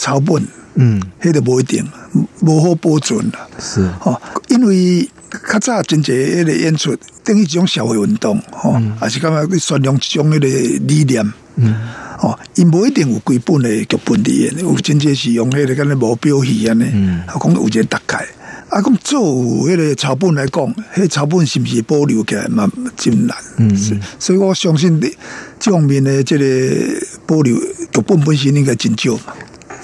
草本，嗯，呢度唔一定，無好保存。是，哦，因為較早真係迄個演出，等於一種社會運動，哦、嗯，也是感覺去宣揚一種迄個理念，嗯，哦，唔一定有幾本嘅劇本佇嘅，有真係是用迄個敢若無標戲嘅，啊講到有啲特概。啊講做迄個草本來講，呢草本是毋是保留起來嘛，真難？嗯是，所以我相信呢，呢方面呢，即個保留劇本本身應該真少。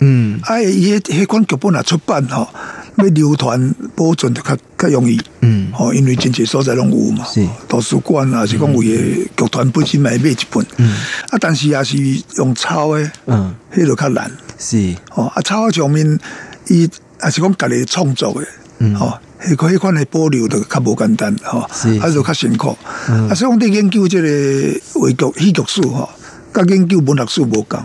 嗯，啊，伊迄迄款劇本啊出版吼，哦，要流傳保存着較較容易。嗯，吼，因為真濟所在攏有嘛，是圖書館啊，是講有誒劇團本身也會買一本，嗯嗯哦嗯哦啊。嗯，啊，但是也是用抄誒，嗯，迄著較難。是，吼，啊，抄上面，伊也是講家己創作誒，哦，迄款誒保留著較無簡單，吼，哦，係著較辛苦。啊，所以講佇研究即個話劇戲劇史，吼，甲研究文學史無共。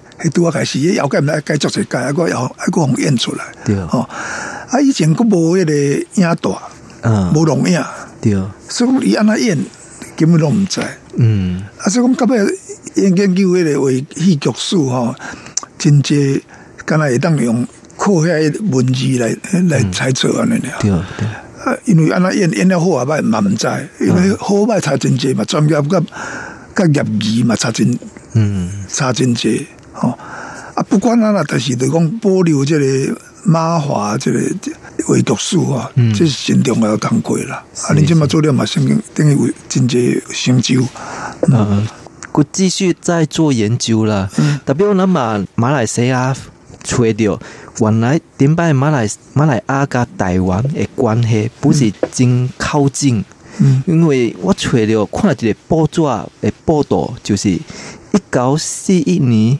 佢拄要開始，要解唔得，解作一解，一個要一個互演出來。對哦，啊以前佢無迄個影帶，嗯，無龍影，對，所以伊安尼演根本都毋知。嗯，啊所以講今尾研究迄個為戲劇史吼，真濟敢若會當用靠下文字來、嗯、來猜測安尼啊。對，啊，因為安尼演演得好啊，歹嘛毋知，因為好歹查真濟嘛，專業加加業餘嘛查真，嗯，查真濟。哦，啊，不管啊，但是就講保留即個馬華即個維讀書啊，即係嚴重要崩潰啦。啊，你今日做了咪先，等佢為真係成就。嗯，佢、啊、繼續再做研究啦。嗯、特別我哋馬來西亞吹料，原來點解馬來馬來亞加台灣的關係不是真靠近？嗯，因為我吹料睇一個報紙的報道，就是一九四一年。嗯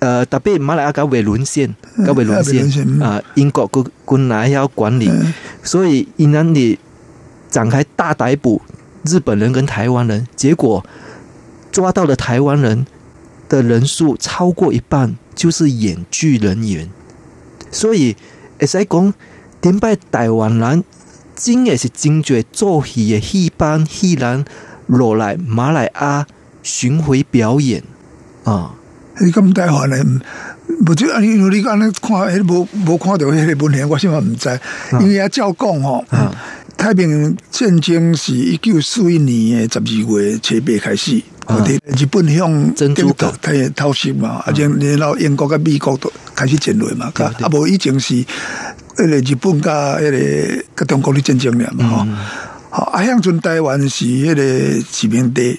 呃，特別馬來阿家未淪陷，家未淪陷，啊、呃！英國跟軍嚟要管理，嗯、所以伊嗰啲展開大逮捕日本人跟台灣人，結果抓到的台灣人的人數超過一半，就是演劇人員，所以會使講點解台灣人真係是正做做戲嘅戲班戲人落來馬來亞巡迴表演啊！嗯你咁台灣咧，唔，唔知啊！你你講咧，看，誒，無無看到迄個本鄉，我先話唔知，因為阿照講吼，太平洋戰爭是一九四一年誒十二月七八開始，日本向珍珠港偷襲嘛，而且然後英國跟美國都開始侵略嘛，對對對啊，無以前是，個日本加個跟中國的戰爭嘛，吼、嗯啊，啊，向陣台灣是迄個殖民地。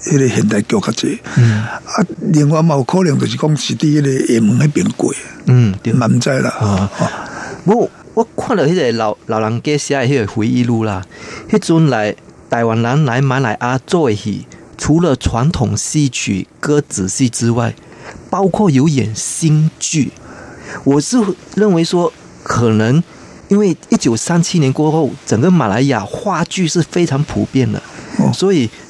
迄個現代劇比較多，嗯，啊，另外嘛有可能就是講是啲，誒，門喺邊過，嗯，蠻在啦，啊、哦哦，我我看了迄個老老人家寫嘅迄個回憶錄啦，迄陣來台灣人來馬來亞做戲，除了傳統戲曲、歌仔戲之外，包括有演新劇，我是認為說，可能因為一九三七年過後，整個馬來亞話劇是非常普遍的，哦、所以。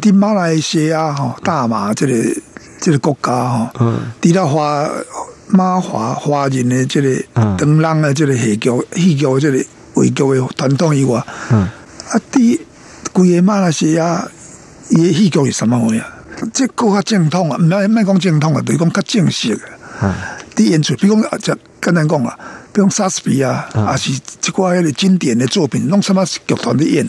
啲馬來西亞、吼大馬，這個這裏國家，吼，啲咧華、馬華、華人咧，這裏，嗯，噹啷啊，這裏戲劇，戲劇，這個維劇嘅傳統以外，嗯，啊啲，整個馬來西亞嘢戲劇是什麼玩意？即係講較正統啊，唔係咩講正統啊，就是、比如講較正式嘅，啲演出，比如講啊，就跟人講啊，比如講莎士比亞，啊，啊是即個經典嘅作品，弄什麼劇團嚟演？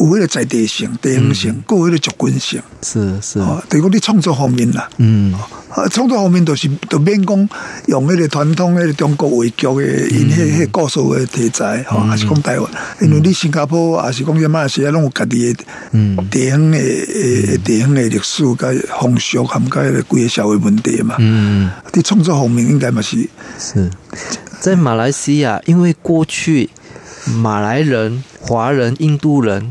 有嗰啲在地性、地方性，各、嗯、有啲習慣性。是是，哦，但係講創作方面啦、啊，嗯，創、啊、作方面、就是，就是就免講用迄個傳統迄個中國話劇嘅，因迄迄個故事嘅題材，哦、那個，也、嗯啊、是講台灣、嗯，因為你新加坡，也是講馬來西亞，還是攏有家己嘅，嗯，地方嘅、嗯，地方嘅歷史、甲風俗、含蓋嘅規個社會問題嘛。嗯，你創作方面應該嘛是，是在馬來西亞、嗯，因為過去馬來人、華人、印度人。